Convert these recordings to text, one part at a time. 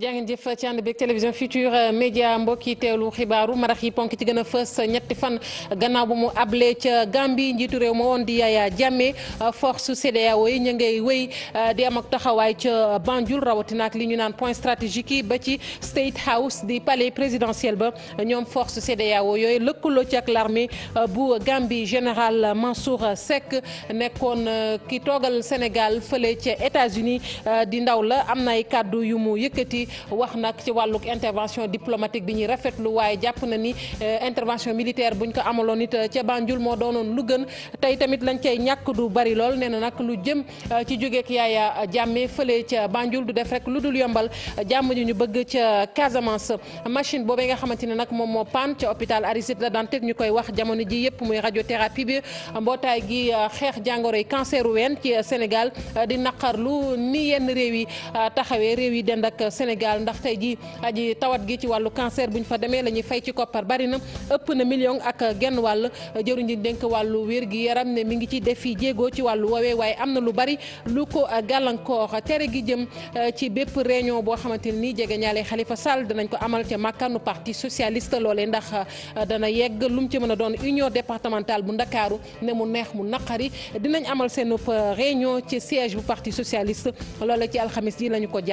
jaa jëf ci ànd beeg télévision Futurs Médias mbokk yi teewlu xibaaru marax yi ponk ci gën a ñetti fan gannaaw bu mu ablé ca Gambie njiitu réew ma woon di Yaya Jammeh force CEDEAO yi ñu ngay wéy di am ak taxawaay ca Banjul rawatina ak li ñu naan point stratégique yi ba ci State House di palais présidentiel ba ñoom force CEDEAO yooyu lëkkaloo ci ak l'armée bu Gambie général Mansour Seck nekkoon euh, ki toogal Sénégal fële ca États-Unis euh, di ndaw la am na ay kàddu yu mu yëkkati. wax nag ci wàlluk intervention diplomatique bi ñuy rafetlu waaye jàpp na ni euh, intervention militaire buñ ko amaloon nit euh, ca Banjul moo doonoon lu gën tey tamit lañ cay ñàkk du bari lool nee na nag lu jëm euh, ci jógeek Yaya Jammeh fële ca Banjul du def rek lu dul yombal jàmm ñu ñu bëgg ca Casamance machine boobee nga xamante ne nag moom moo paan ca hôpital Aristide Le Dantec ñu koy wax jamono ji yëpp muy radiothérapie bi mbootaay gi xeex jàngoro yi cancer ween ci Sénégal di naqarlu ni yenn réew yi taxawee réew yi dend ak Sénégal Sénégal ndax tey jii aji tawat gi ci wàllu cancer bu ñu fa demee la ñuy fay ci koppar bari na ëpp na million ak genn wàll jëruñ di dénk wàllu wér gi yaram ne mi ngi ci def fi jéego ci wàllu woowee waaye am na lu bari lu ko gàllankoor tere gi jëm euh, ci bépp réunion boo xamante ni jege ñaale xalifa Sall danañ ko amal ca màkkanu parti socialiste loolee ndax euh, dana yegg lu ci mën a doon union départementale bu ndakaaru ne mu neex mu naqari dinañ amal seen euh, réunion ci siège bu parti socialiste yi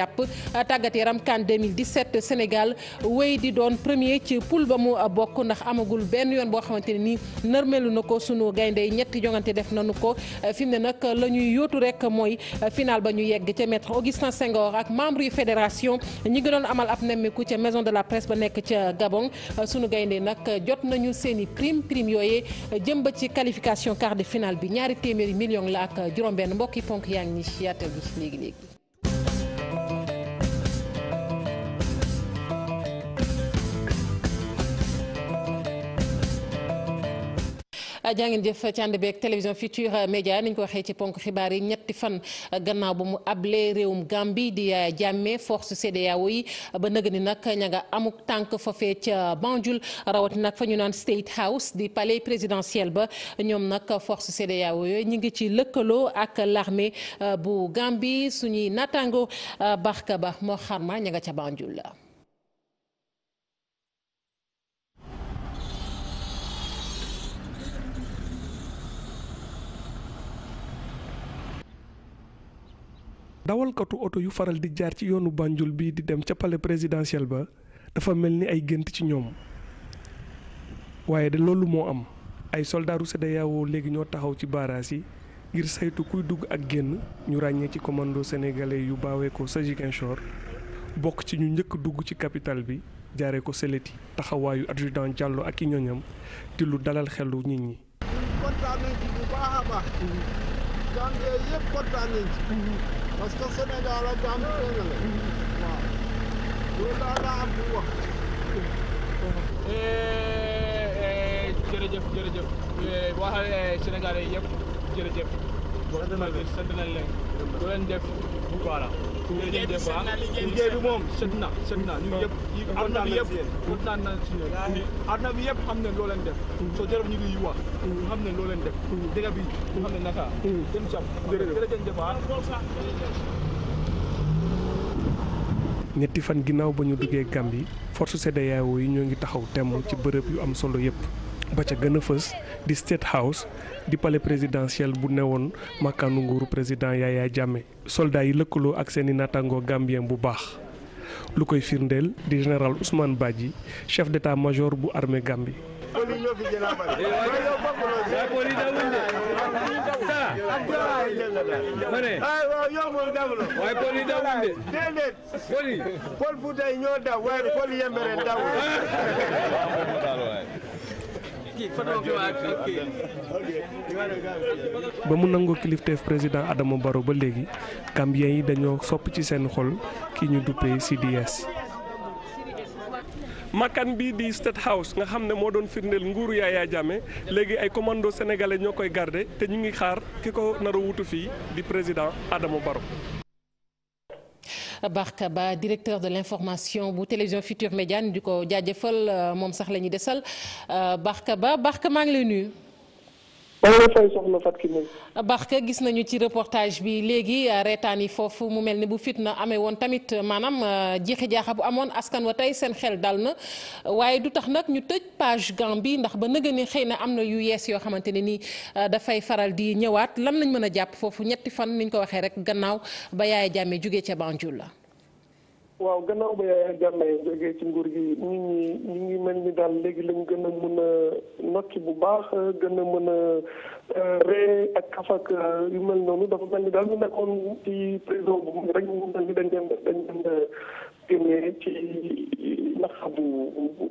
am CAN 2017 Sénégal wéy di doon premier ci poule ba mu bokk ndax amagul benn yoon boo xamante ne nii nërmelu na ko sunu gaynde ñetti jongante def nañu ko fi ne nag la ñuy yóotu rek mooy final ba ñu yegg ca maître Augustin Senghor ak membre yu fédération ñi ngi doon amal ab nemmiku ca maison de la presse ba nekk ca Gabon sunu gaynde nag jot nañu seen i prime prime yooye jëm ba ci qualification quart de finale bi ñaari téeméeri million la ak juróom-benn mbokki ponk yaa ngi ni yaatal Ah, jàngeen jëf ci ànd beeg télévision Future Média niñ ko waxee ci ponk xibaar yi ñetti fan gannaaw ba mu ablé réewum Gambie di euh, jàmmee force CEDEAO yi ba nëg ni nag ña nga amuk tànk fa fee ca Banjul rawati nag fa ñu naan State House di palais présidentiel ba ñoom nag force CEDEAO yooyu ñu ngi ci lëkkaloo ak l'armée euh, bu Gambie suñuy naataango euh, Barka Ba moo xarma ña nga ca Banjul dawalkatu oto yu faral di jaar ci yoonu bànjul bii di dem ca pale présidentiel ba dafa mel ni ay gént ci ñoom waaye de loolu moo am ay soldaaru CEDEAO léegi ñoo taxaw ci baaraas yi ngir saytu kuy dugg ak génn ñu ràññee ci commando sénégalais yu baawee ko sa Ziguinchor bokk ci ñu njëkk dugg ci capital bi jaaree ko Séléti taxawaayu adjudant Diallo ak i ñoñam di lu dalal xelu nit ñi. parce que Sénégal ak Gambie benn la waaw loolu daal laa am pour wax. jërëjëf jërëjëf waxal Sénégalais yëpp jërëjëf. sant nañ leen sant nañ leen. bu leen def voilà. liggéey bi set na liggéey mm. ñu ngi yu mm. mm. bi ñu xam fan ginnaaw ba ñu duggee Gambie force CEDEAO yi ñoo ngi taxaw temm ci bërëb yu am solo yépp ba ca gën a fës di State House di palais présidentiel bu newoon makkaanu nguuru président Yaya Jammeh soldats yi lëkkaloo ak seeni naataangoo gambie bu baax lu koy firndeel di général Ousmane Badji chef d'état-major bu armée Gambie. waaye pol yi dawul de. déedéet. pol yi. pol Fuuta yi ñoo daw waaye pol Yembere dawul. ba mu nangoo kilifteef président adamu Barrow ba léegi Gambien yi dañoo sopp ci seen xol ki ñu duppee CDS. makkan bi di State House nga xam ne moo doon nguur nguuru yaa Jammeh léegi ay commando sénégalais ñoo koy garde te ñu ngi xaar ki ko naru wutu fii di président Adama Barrow Barka Ba directeur de l'information bu télévision Futur Média di ko jaajëfal moom sax la ñuy desal euh, Barka Ba Barka maa ngi lay nuyu. Barka gis nañu ci reportage bi léegi reetaan yi foofu mu mel ni bu fitna amee woon tamit maanaam euh, jeexi jaaxa bu amoon askan wa tey seen xel dal na waaye du tax nag ñu tëj page Gambie ndax ba nëgë xëy na am na yu yees yoo xamante ne nii euh, dafay faral di ñëwaat lan lañ mën a jàpp foofu ñetti fan ñu ko waxee rek gannaaw ba yaay jàmmee jóge ca Banjul la waaw gannaaw ba Yaya Jammeh jógee ci nguur gi nit ñi ñi ngi mel ni daal léegi lañ gën a mën a nokki bu baax gën a mën a euh, ree ak kaf ak euh, yu mel noonu dafa mel ni daal ñu nekkoon ci prison bu mu rek ñu mel ni dañ leen dañ leen euh, génnee ci naxa bu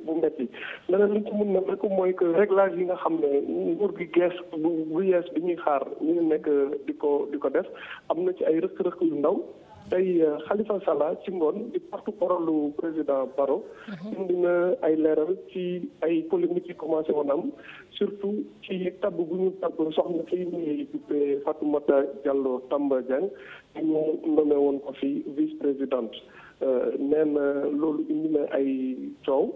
bu metti leneen liñ ci mën na rek mooy que réglage yi nga xam ne nguur gi gees bu bu yees bi ñuy xaar ñu nekk di ko di ko def am na ci ay rëq-rëq yu ndaw tey xalifa euh, Sall ci ngoon di porte parole lu président paro mhm. indi na ay leeral ci ay polémiques yi commencé woon am surtout ci tabb bu ñu tabb soxna fi ñuy duppee Fatoumata Diallo Tamba Dieng ñu nommé woon ko fi vice présidente euh, nee na loolu indi na ay coow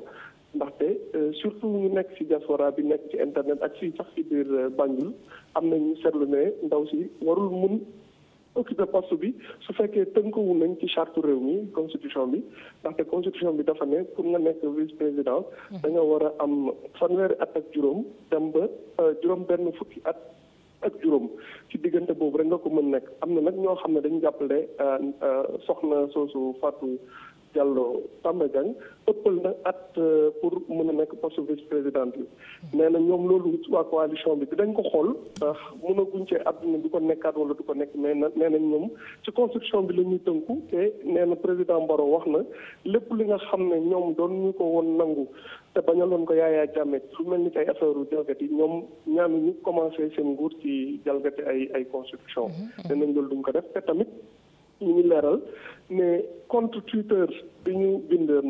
ndaxte euh, surtout ñu nekk ci diaspora bi nekk ci internet ak ci sax ci biir Banjul am na ñu seetlu ne ndaw si warul mun occupé poste bi su fekkee tënkuwu nañ ci charte réew mi constitution bi ndaxte constitution bi dafa ne pour nga nekk vice président hmm. da nga war a am fanweeri at ak juróom dem ba euh, juróom benn fukki at ak juróom ci diggante boobu rek nga ko mën nekk am na nag ñoo xam ne dañu jàppale euh, euh, soxna soosu Fatou Diallo Tamba Diagne ëppal na at euh, pour mën a nekk poste vice présidente bi nee na ñoom loolu waa coalition bi dañ ko xool ndax mënaguñ cee àdduna du ko nekkaat wala du ko nekk mais na nee na ñoom ci constitution bi la ñuy tënku te nee na président Baro wax na lépp li nga xam ne ñoom doon ñu ko woon nangu te bañaloon ko yaayaa jàmme lu mel ni kay affaire u jalgati ñoom ñaanu ñu commencé seen nguur ci jalgati ay ay constitution. danañ mm-hmm. loolu duñ ko def te tamit ñu ngi leeral ne compte Twitter bi ñu bindoon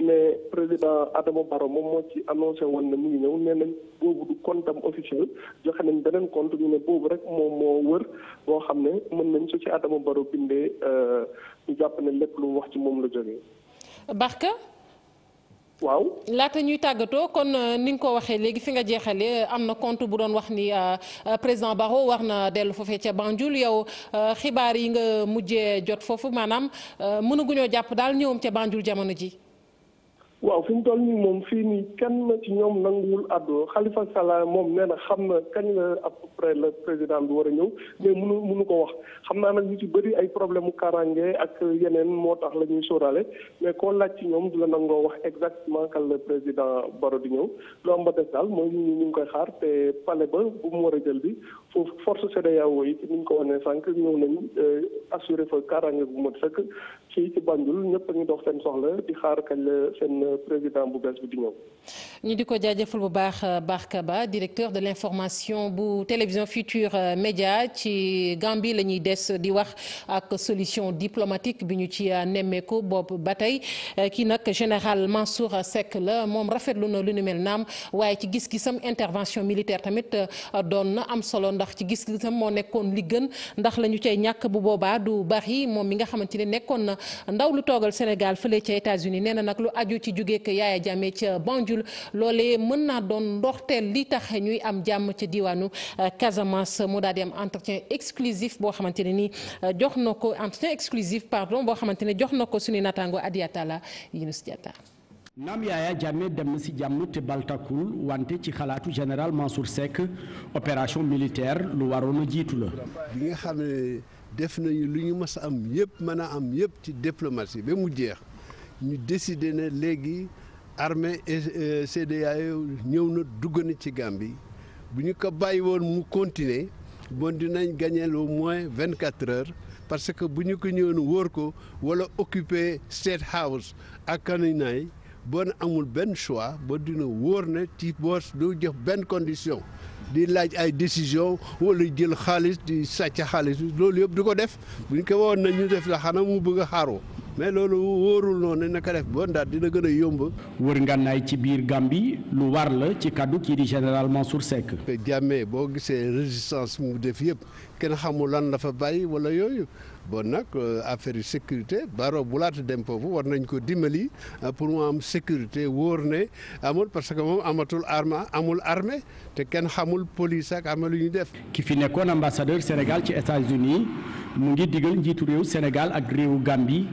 ne président Adama Barrow moom moo ci annoncé woon ne mu ngi ñëw nee nañ boobu du compte am officiel joxe nañ beneen compte ñu ne boobu rek moom moo wër boo xam ne mën nañ su ci Adama Barrow bindee euh, ñu jàpp ne lépp lu wax ci moom la jógee. Barka. waaw laata ñuy tàggatoo kon euh, ni nga ko waxee léegi fi nga jeexalee euh, am na compte bu doon wax ni euh, président Barrow war na dellu foofee ca Banjul yow xibaar yi nga mujjee jot foofu maanaam mënaguñoo jàpp daal ñëwam ca Banjul jamono ji waaw fi mu toll nii moom fii nii kenn ci ñoom nanguwul àddu xalifa Sall moom nee na xam na kañ la à peu près président bi war a ñëw mais munu mënu ko wax xam naa nag ñu ci bëri ay problème mu kaaraange ak yeneen moo tax la ñuy sóoraale mais koo laaj ci ñoom du la nangoo wax exactement kan la président Baro di ñëw lu am ba des daal mooy ñu ñu ngi koy xaar te pale ba bu mu war a jël bi foofu force CEDEAO yi ni ñu ko wanee sànq ñëw nañ euh, assuré fa kaaraange bu mat sëkk ci ci Banjul ñëpp a ngi dox seen soxla di xaar kañ président bu bees bi di ñëw. ñu di ko jaajëfal bu baax Barka Ba directeur de l'information bu télévision Futurs Médias ci Gambie la ñuy des di wax ak solution diplomatique bi ñu ci nemmeeku boobu ba tey kii nag général Mansour Seck la moom rafetlu na lu nu mel naam waaye ci gis-gisam intervention militaire tamit euh, doon na am solo ndax ci gis-gisam moo nekkoon li gën ndax lañu ñu cay ñàkk bu boobaa du bari moom mi nga xamante ne nekkoon na ndaw lu toogal Sénégal jógeek Yaya Jammeh ca Banjul loolee mën naa doon ndoxteel li tax ñuy am jàmm ca diwaanu euh, Casamance mu daal di am entretien exclusif boo xamante ne ni euh, jox na ko entretien exclusif pardon boo xamante ne jox na ko suñu naataango Adiatala Yunus Diatta naam Yaya Jammeh dem na si jàmm te baltakul wante ci xalaatu général Mansour Seck opération militaire lu waroon a jiitu la. bi nga xam def nañu lu ñu mës a am yëpp mën a am yëpp ci diplomatie ba mu jeex. ñu décidé na léegi e et euh, CEDEAO ñëw na dugg na ci Gambie bu ñu ko bàyyi woon mu continuer bon dinañ gagné au moins vingt quatre heures parce que bu ñu ko ñëwoon wóor ko wala occuper State House ak Kaninaay bon amul benn choix ba dina wóor na ci boos du jox benn condition di laaj ay décision wala jël xaalis di sàcc xaalis loolu yëpp du ko def bu ñu ko woon na ñu def la xanaa mu bëgg a xaaroo mais loolu wóorul noonu naka def ba Ndar dina gën a yomb. wër ngànnaay ci biir Gàmbi lu war la ci kaddu kii di général Mansour Seck. jàmmee boo gisee résistance mu def yëpp kenn xamul lan dafa fa bàyyi wala yooyu bon nag euh, affaire yi sécurité baro bu laata dem foofu war nañ ko dimbali euh, pour mu am sécurité wóor ne amul parce que moom amatul arme amul arme te kenn xamul police ak ama lu ñu def. ki fi nekkoon ambassadeur Sénégal ci États-Unis mu ngi digal njiitu réew Sénégal ak réewu Gàmbi.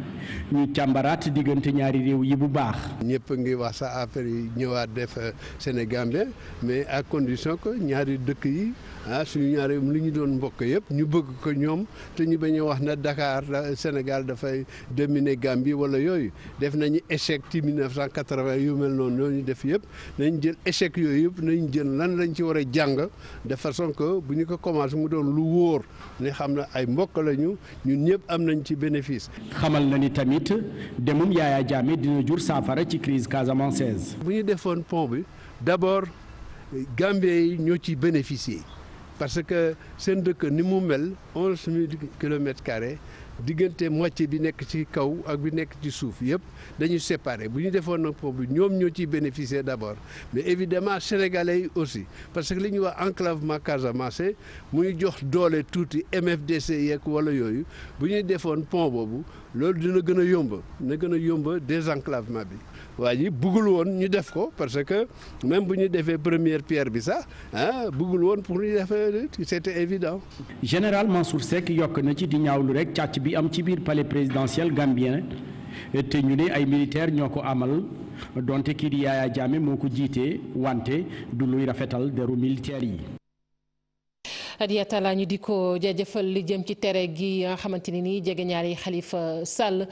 ñu càmbaraat diggante ñaari réew yi bu baax. ñëpp ngi wax sa affaire yi ñëwaat def euh, Sénégambie mais ak condition ko ñaari dëkk yi ah suñu ñaari li ñu doon mbokk yëpp ñu bëgg ko ñoom te ñu ba a wax na Dakar euh, Sénégal dafay dominer Gambie wala yooyu def nañu échec ci 1980 yu mel noonu ñu def yëpp nañ jël échec yooyu yëpp nañ jël lan lañ ci war a jàng de façon bu ñu ko commencé mu doon lu wóor ne xam na ay mbokk lañu ñun ñëpp am nañ ci bénéfice. xamal na ni tamit demum Yaya Jammeh dina jur saafara ci crise casamançaise. bu ñu defoon pont bi d'abord Gambien yi ñoo ci bénéficier parce que seen dëkk ni mu mel onze mille kilomètres diggante moitié bi nekk ci kaw ak bi nekk ci suuf yëpp dañuy séparé bu ñu defoon nag bi ñoom ñoo ciy bénéficier d'abord mais évidemment sénégalais yi aussi parce que li ñuy wax enclavement Casamance muy jox doole tuuti MFDC yeeg wala yooyu bu ñuy defoon pont boobu loolu dina gën a yomb na gën a yomb désenclavement bi waa ji buggul woon ñu def ko parce que même bu ñu defee première pierre bi sax ah buggul woon pour ñu def c'était évident. général Mansour Seck yokk na ci di ñaawlu rek càcc bi am ci biir palais présidentiel gambien te ñu ne ay militaires ñoo ko amal donte kii di Yaya Jammeh moo ko jiite wante du luy rafetal deru militaires yi. Hadia Talla ñu di ko jaajëfal li jëm ci tere gi nga xamante ni nii jege ñaari Xalifa Sall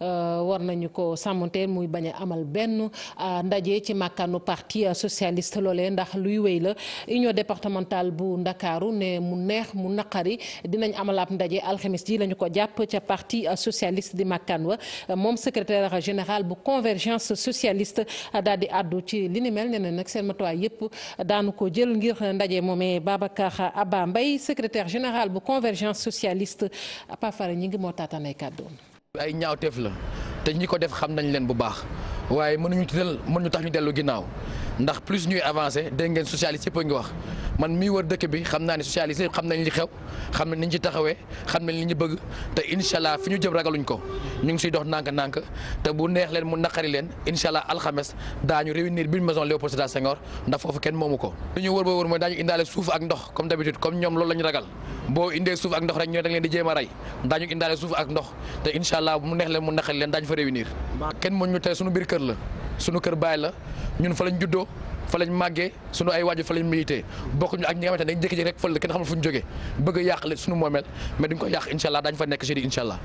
euh, war nañu ko sàmmanteel muy bañ a amal benn euh, ndaje ci màkkaanu parti socialiste loolee ndax luy wéy la union départementale bu Ndakaaru ne mu neex mu naqari dinañ amalaab ndaje alxemes ji lañu ko jàpp ca parti socialiste di màkkaan wa moom secrétaire général bu convergence socialiste daal di àddu ci li ni mel ne nag seen matuwaay yëpp daanu ko jël ngir ndaje moomee bay secretaire général bu convergence socialiste Pafara ñi ngi moo taataan ay kàddu ñaaw teef la te ñi ko def xam nañu leen bu baax waaye mënuñu tëral mënuñu tax ñu dellu ginnaaw ndax plus ñuy avancer dégg ngeen socialiste yëpp a ngi wax man mii wër dëkk bi xam naa ne socialiste xam nañ li xam nañ ni ñu taxawee xam nañ li ñu bëgg te incha allah fi ñu jëm ragaluñ ko ñu ngi siy dox nànk-nànk te bu neex leen mu naqari leen incha allah alxames ñu réunir biir maison Léopold Sédar Senghor ndax foofu kenn moomu ko. li ñu wër ba wër mooy daañu indaale suuf ak ndox comme d'habitude comme ñoom loolu la ñu ragal boo indee suuf ak ndox rek ñu ne da di jéem a rey daañu indaale suuf ak ndox te incha leen mu naqari leen daañu fa réunir kenn mënuñu tey suñu la sunu kër baay la ñun fa lañ juddoo fa lañ màggee sunu ay waajur fa lañ milité bokk ñu ak ñi nga xamante ne dañ jékki-jékki rek kenn xamul fu ñu jógee bëgg a yàq le sunu moomeel mais duñ ko yàq allah daañu fa nekk jeudi incha allah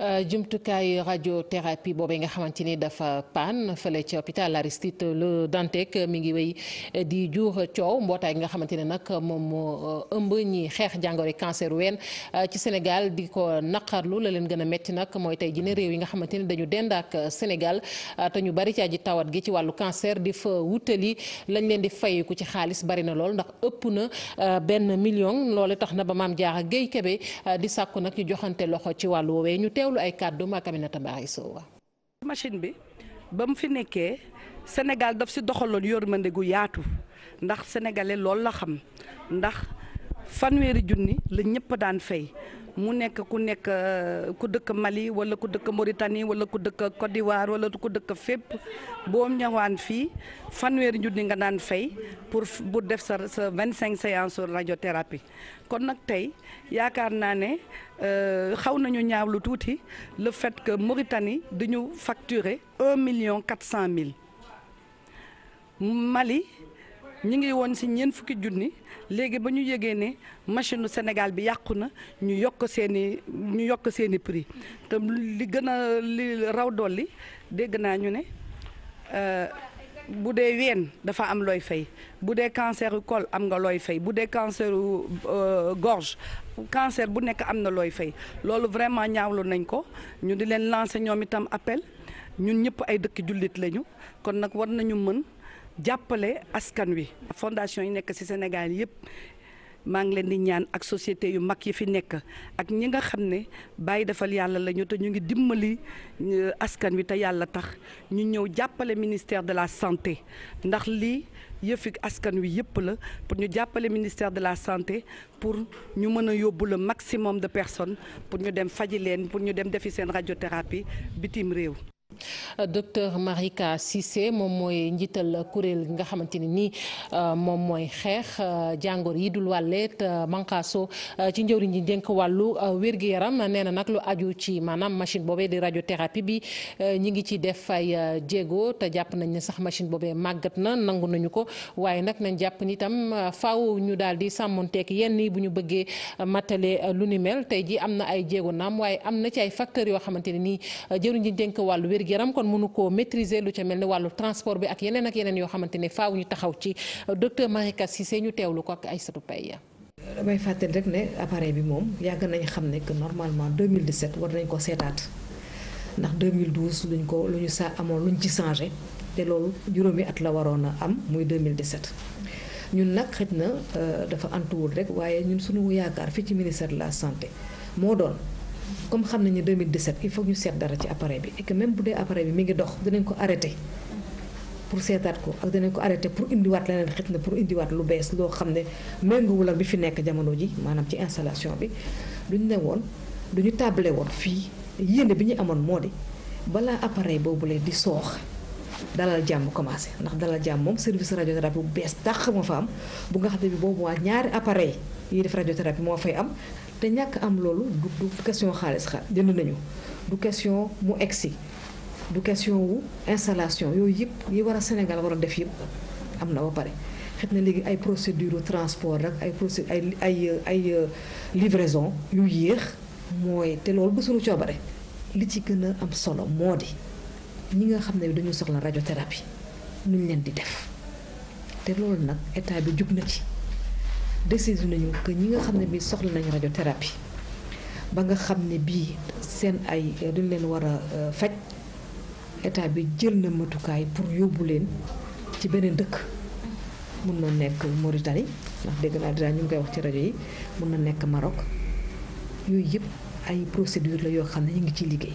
Euh, jumtukaayu radiothérapie boobee nga xamante ni dafa paan fële ci hôpital Aristide Le Dantec mi ngi wéy euh, di jur coow mbootaay nga xamante ne nag moom moo euh, ëmb ñi xeex jàngoro cancer ween ci senegal di ko naqarlu la leen gën a métti nag mooy tey jii réew yi nga xamante ne dañu dend ak Sénégal te ñu bari caa ji tawat gi ci wàllu cancer di fa wutali lañ leen di fayeku ci xaalis bari na lool ndax ëpp na benn million loolu tax na ba maam teewlu ay kàddu ma ak Aminata Mbaye Sow machine bi ba mu fi nekkee Sénégal daf si doxaloon yërmande gu yaatu ndax sénégalais loolu la xam ndax fanweeri junni la ñëpp daan fay mu nekk ku nekk euh, ku dëkk Mali wala ku dëkk Mauritanie wala ku dëkk Côte d'Ivoire wala ku dëkk fépp boo ñëwaan fii fanweeri junni nga daan fay pour bu def sa sa vingt cinq séances radiothérapie kon nag tey. yaakaar naa ne euh, xaw nañu ñaaw lu tuuti le fait que Mauritanie di ñu facturer un million quatre Mali ñi ngi woon ci ñeent fukki junni léegi ba ñu yëgee ne machine Sénégal bi yàqu na ñu yokk seeni ñu yokk seeni prix te li gën a li raw dolli dégg naa ñu ne. Euh, bu dee ween dafa am looy fay bu dee cancer u kol am nga looy fay bu dee cancer u euh, gorge cancer bu nekk am na looy fay loolu vraiment ñaawlu nañ ko ñu di leen lancer ñoom itam appel ñun ñëpp ay dëkk jullit lañu kon nag war nañu mën jàppale askan wi. fondation yi nekk ci Sénégal yëpp maa ngi leen di ñaan ak société yu mag yi fi nekk ak ñi nga xam ne bàyyi defal yàlla lañu te ñu ngi dimbali euh, askan wi te yàlla tax ñu ñëw jàppale ministère de la santé ndax lii yëfi askan wi yëpp la pour ñu jàppale ministère de la santé pour ñu mën a yóbbu le maximum de personne pour ñu dem faji leen pour ñu dem defi seen radiothérapie bitim réew. docteur Marika Cissé moom mooy njiital kuréel gi nga xamante ne nii euh, moom mooy xeex euh, jàngoor yi dul wàlleet manqaaso euh, ci njëriñ ji dénk wàllu wér yaram nee na nag lu ci maanaam machine boobee di radiothérapie bi ñi ngi ci def ay jéego te jàpp nañ ne sax machine boobee màggat na nangu nañu ko waaye nag nañ jàpp ni tam ñu daal di sàmmonteek yenn bu ñu bëggee matale lu ni tey ji am na ay jéego naam waaye am na ay facteurs yoo xamante wér yaram kon mënu koo maîtriser lu ca mel ne wàllu transport bi ak yeneen ak yeneen yoo xamante ne faaw ñu taxaw ci docteur yi Cissé ñu lu ko ak Aïssatou Paye damay fàttali rek ne appareil bi moom yàgg nañ xam ne que normalement 2017 war nañ ko seetaat ndax 2012 luñ ko lu ñu sa amoon luñ ci changé te loolu juróomi at la waroon a am muy 2017. ñun nag xëj na euh, dafa antuwul rek waaye ñun suñu yaakaar fii ci ministère de la santé moo doon. comme xam nañu 2017 il faut ñu seet dara ci appareil bi et que même bu dee appareil bi mi ngi dox dinañ ko arrêté pour seetaat ko ak dinañ ko arrêté pour indiwaat leneen xit na pour indiwaat lu bees loo xam ne méngoowul ak bi fi nekk jamono ji maanaam ci installation bi duñ ne woon ñu table woon fii yéene bi ñu amoon moo di balaa appareil boobu lay di soox dalal jàmm commencé ndax dalal jàmm moom service radiothérapie bu bees tax moo fa am bu nga xam ne boobu waa ñaari appareil yi def radiothérapie moo fay am te ñàkk am loolu du question xaalis xaalis jënd nañu du question mu egsi du question wu installation yooyu yëpp yi war a Sénégal war a def yëpp am na ba pare xet na léegi ay procédure transport rek ay procédure ay ay ay livraison yu yéex mooy te loolu ba suñu coobare li ci gën a am solo moo di ñi nga xam ne dañu soxla radiothérapie nuñ leen di def te loolu nag état bi jug na ci décision nañu que ñi nga xam ne bii soxla nañ radiothérapie ba nga xam ne bii seen ay euh, duñ leen war a euh, faj état bi jël na matukaay pour yóbbu leen ci beneen dëkk mun na nekk Mauritanie ndax dégg naa dina ñu ngi koy wax ci rajo yi mun na nekk Maroc yooyu yëpp ay procédure la yoo xam ne ñu ngi ciy liggéey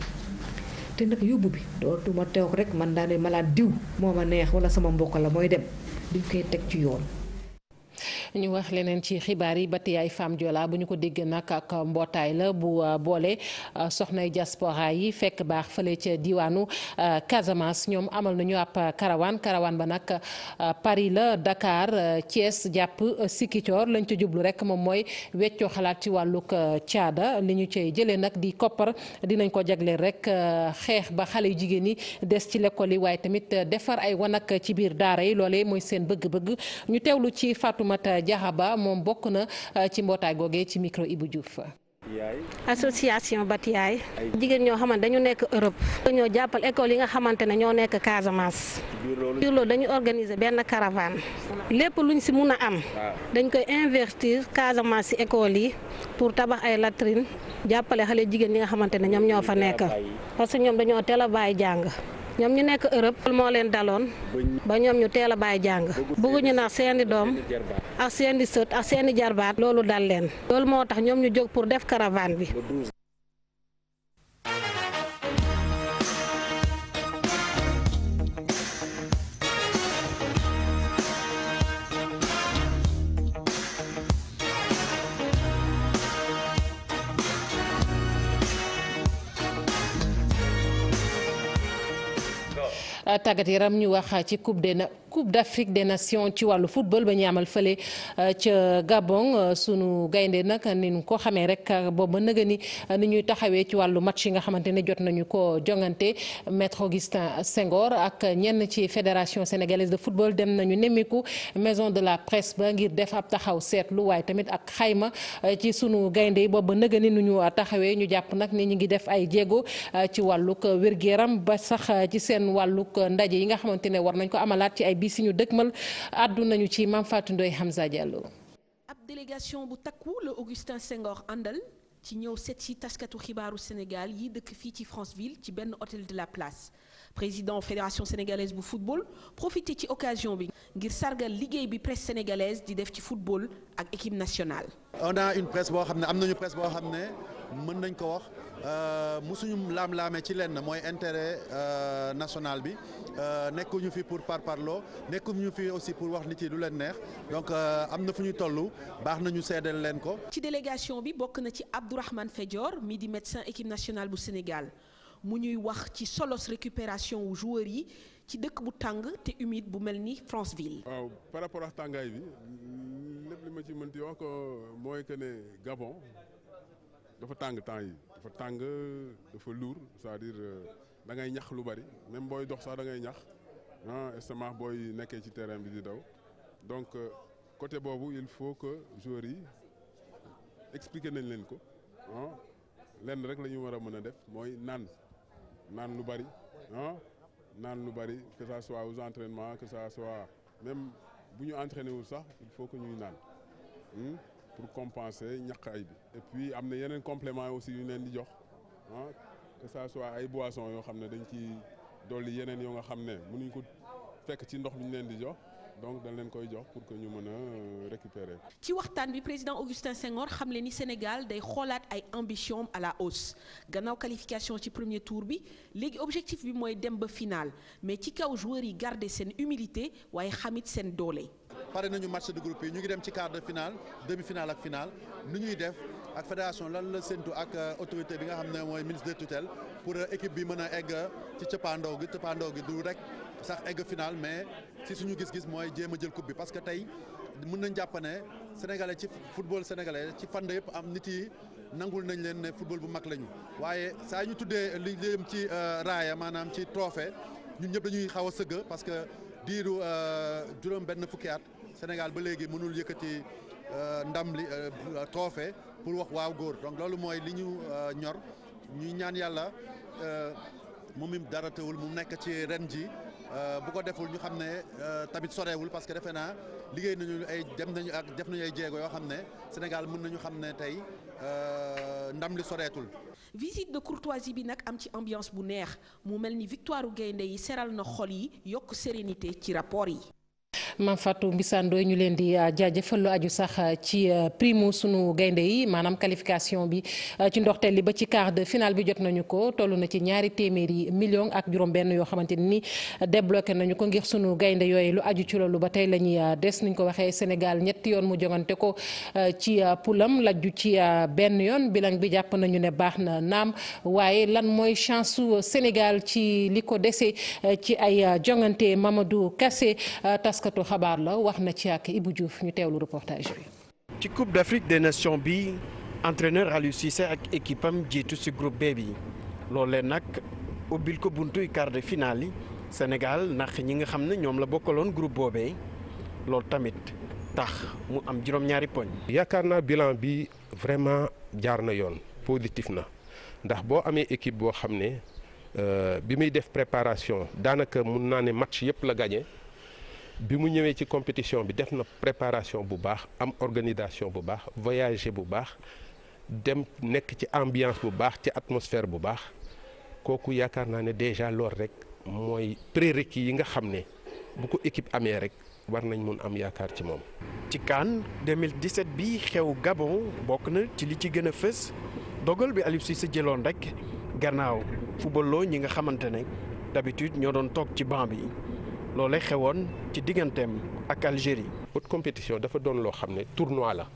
te nag yóbbu bi dootuma teew rek man daa ne malade diw moo ma neex wala sama mbokk la mooy dem duñ koy teg ci yoon ñu wax leneen ci xibaar yi ba tey ay femme Joola bu ñu ko dégg nag ak mbootaay la bu euh, boole euh, soxnay diaspora yi fekk baax fële ca diwaanu euh, Casamance ñoom amal nañu ab karawaan karawaan ba nag Paris la Dakar Thiès jàpp Sikicoor lañ ca jublu rek moom mooy weccoo xalaat ci wàllug caada li ñu cay jëlee nag di koppar dinañ ko jagleel rek xeex ba xale yu jigéen ñi des ci lekkool yi waaye tamit defar ay wanak ci biir daara yi loolee mooy seen bëgg-bëgg ñu Diakhaba moom bokk na euh, ci mbootaay googee ci micro Ibou Diouf. association Batiyaay jigéen ñoo xamante dañu nekk Europe ñoo jàppal école yi nga xamante ne ñoo nekk Casamance biir loolu dañu organiser benn caravane lépp luñ si mun a am dañ koy invertir Casamance si école yi pour tabax ay latrine jàppale xale jigéen ñi nga xamante ne ñoom ñoo fa nekk parce ñoom dañoo teel jàng ñoom ñu nekk Europe loolu moo leen daloon ba ñoom ñu teel a bàyyi jàng bëgguñu nag seeni doom ak seeni sët ak seeni jarbaat loolu dal leen loolu moo tax ñoom ñu jóg pour def caravane bi tàggat yaram ñu waxaa ci coupe na coupe d'Afrique des nations ci wàllu football ba ñu amal fële euh, ca Gabon euh, sunu gaynde nag ni ñu ko xame rek euh, boobu ba nëga ni ni ñuy taxawee ci wàllu match yi nga xamante ne jot nañu ko jongante maître Augustin Senghor ak ñenn ci fédération sénégalaise de football dem nañu nemmiku maison de la presse ba ngir def ab taxaw seetlu waaye tamit ak xayma ci sunu gaynde yi ba nëga ni nu ñu taxawee ñu jàpp nag ñu ngi def ay jéego ci wàllug wér yaram ba sax ci seen wàllug ndaje yi nga xamante war nañ ko amalaat ci ay bi si ñu dëkkmal àddu nañu ci Mame Fatou Ndoye Hamza Diallo. ab délégation bu takku la Augustin Senghor àndal ci ñëw seet si taskatu xibaaru Sénégal yi dëkk fii ci Franceville ci benn hôtel de la place. président fédération sénégalaise bu football profité ci occasion bi ngir sargal liggéey bi presse sénégalaise di def ci football ak équipe nationale. on une presse boo xam ne am na ñu presse boo xam ne mën nañ ko wax euh, musuñu laam-laame ci lenn mooy intérêt euh, national bi euh, nekkuñu fi pour par parloo nekkuñu fi aussi pour wax nit yi lu leen neex donc am na fu ñu toll baax na ñu seedeel leen ko. ci délégation bi bokk na ci Abdourahmane Fédior mi di médecin équipe nationale bu Sénégal. mu ñuy wax ci solos récupération wu joueurs yi ci dëkk bu tàng te humide bu mel ni Franceville. waaw par rapport ak tàngaay bi lépp li ma ci mën di wax ko mooy que ne Gabon dafa tàng temps yi dafa tàng dafa luur c'est-à-dire euh, da ngay ñax lu bari même booy dox sax da ñax ah estomac booy nekkee ci terrain bi di daw donc euh, côté boobu il faut que joueurs yi expliquer nañ leen ko ah lenn rek la ñu war a mën a def mooy naan. naan lu bari ah naan lu bari que ça soit aux entraînements que même bu ñu entraîné wul sax il faut que ñuy naan hmm, pour compenser ñaqaay bi. et puis am na yeneen complément aussi yu ñu leen di jox ah que ay boissons yoo xam ne dañ ci dolli yeneen yoo nga xam ne mënuñ ko fekk ci ndox mi ñu leen di jox. donc dañ leen koy jox pour que ñu mën euh, récupérer. ci waxtaan bi président Augustin Senghor xam le ni Sénégal day xoolaat ay ambition à la hausse gannaaw qualification ci premier tour bi léegi objectif bi mooy dem ba final mais ci kaw joueurs yi garde seen humilité waaye xamit seen doole. pare nañu match de groupe yi ñu ngi dem ci quart de finale demi finale ak finale nu ñuy def ak fédération lan la séntu ak euh, autorité bi nga xam ne mooy ministre de tutelle pour euh, équipe bi mën a egg ci cëppaandoo gi gi du rek. sax egg final mais si suñu gis-gis mooy jéem a jël coupe bi parce que tey mën nañ jàpp ne sénégalais ci football sénégalais ci fànn yëpp am nit yi nangul nañ leen ne football bu mag lañu. waaye saa ñu tuddee li jëm ci euh, raaya maanaam ci trophée ñun ñëpp dañuy xaw a sëgg parce que diiru euh, juróom benn fukki at Sénégal ba léegi mënul yëkkati euh, ndam li trophée pour wax waaw góor donc loolu mooy li ñu ñor ñu ñaan yàlla mu mim dara teewul mu nekk ci ren ji. Euh, bu ko deful ñu xam ne euh, tamit sorewul parce que defe naa liggéey nañu ay dem nañu ak def nañu ay jéego yoo xam ne Sénégal mën nañu xam ne tey euh, ndam li soreetul. visite de courtoisie bi nag am ci ambiance bu neex mu mel ni victoire gaynde yi seral na xol yi yokk sérénité ci rapport yi. Mame Fatou Mbissandoo ñu leen di euh, jaajëfal lu aju sax euh, ci euh, primu sunu gaynde yi maanaam qualification bi ci ndoxteel li ba ci quart de finale bi jot nañu ko toll na ci ñaari téeméeri million ak juróom-benn yoo xamante ni débloqué nañu ko ngir sunu gaynde yooyu lu aju ci loolu ba tey la ñuy des niñ ko waxee Sénégal ñetti yoon mu jongante ko ci pulam lajju ci benn yoon bilang bi jàpp nañu ne baax na naam waaye lan mooy chance su Sénégal ci li ko dese ci ay jongante Mamadou Kassé taskatu xabaar la wax na ci ak Ibou Diouf ñu teewlu reportage bi. ci coupe d'Afrique des nations bi entraîneur Aliou Cissé ak équipe am jiitu si groupe B bi loolee nag ubbil ko buntuy quart de finale yi Sénégal nax ñi nga xam ne ñoom la bokkaloon groupe boobee loolu tamit tax mu am juróom-ñaari poñ. yaakaar naa bilan bi vraiment jaar na yoon positif na ndax boo amee équipe boo xam ne euh, bi muy def préparation daanaka mun naa ne match yëpp la gagné. bi mu ñëwee ci compétition bi def na préparation bu baax am organisation bu baax voyager bu baax dem nekk ci ambiance bu baax ci atmosphère bu baax kooku yaakaar naa ne déjà lool rek mooy prérequis yi nga xam ne bu ko équipe amee rek war nañ mun am yaakaar ci moom. ci CAN 2017 bi xew Gabon bokk na ci li ci gën a fës dogal bi si sa jëloon rek gannaaw footballoo ñi nga xamante ne d'habitude ñoo doon toog ci banc bi. loolee xewoon ci digganteem ak Algérie. haute compétition dafa doon loo xam ne tournoi la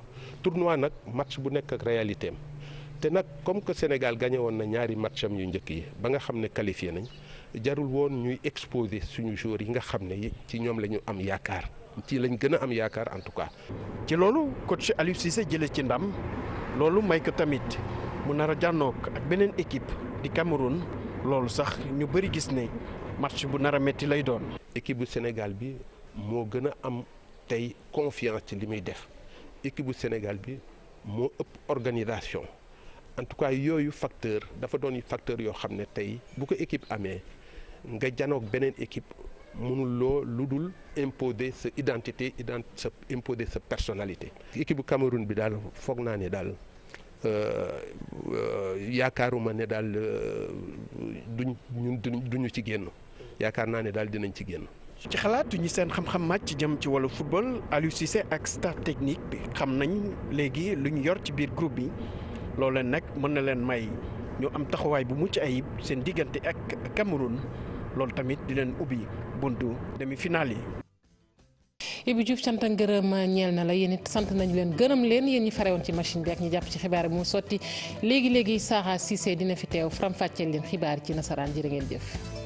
tournoi nag match bu nekk ak réalité am te nag comme que Sénégal gagné na ñaari match am yu njëkk yi ba nga xam ne qualifié nañ jarul woon ñuy exposer suñu joueurs yi nga xam ne ci ñoom la ñu am yaakaar ci lañ gën a am yaakaar en tout cas. ci loolu coach Aliou Cissé jëlee ci ndam loolu may ko tamit mu nar a jànnook ak beneen équipe di Cameroun loolu sax ñu bëri gis ne. match bu nar a métti lay doon. équipe bu Sénégal bi moo gën a am tey confiance ci li muy def équipe bu Sénégal bi moo ëpp organisation en tout cas yooyu facteur dafa doon facteur yoo xam ne tey bu ko équipe amee nga janoog beneen équipe. mënuloo lu dul imposer sa identité ident sa imposer sa personnalité. équipe bu bi daal foog naa ne daal euh, euh, yaakaaruma ne daal euh, duñ duñu ci génn. yaakaar naa ne daal dinañ ci génn. ci xalaatu ñi seen xam-xam màcc jëm ci wàllu football Aliou Cissé ak staff technique bi xam nañ léegi lu ñu yor ci biir groupe bi looleen nag mën na leen may ñu am taxawaay bu mucc ayib seen diggante ak Cameroun loolu tamit di leen ubbi buntu demi-finale yi. Ibu Diouf cant ak gërëm ñeel na la yéen it sant nañu leen gërëm leen yen ñi farewoon ci machine bi ak ñi jàpp ci xibaar bi mu sotti léegi léegi Sara Cissé dina fi teew faram fàcceel leen xibaar ci nasaraan jërë ngeen jëf.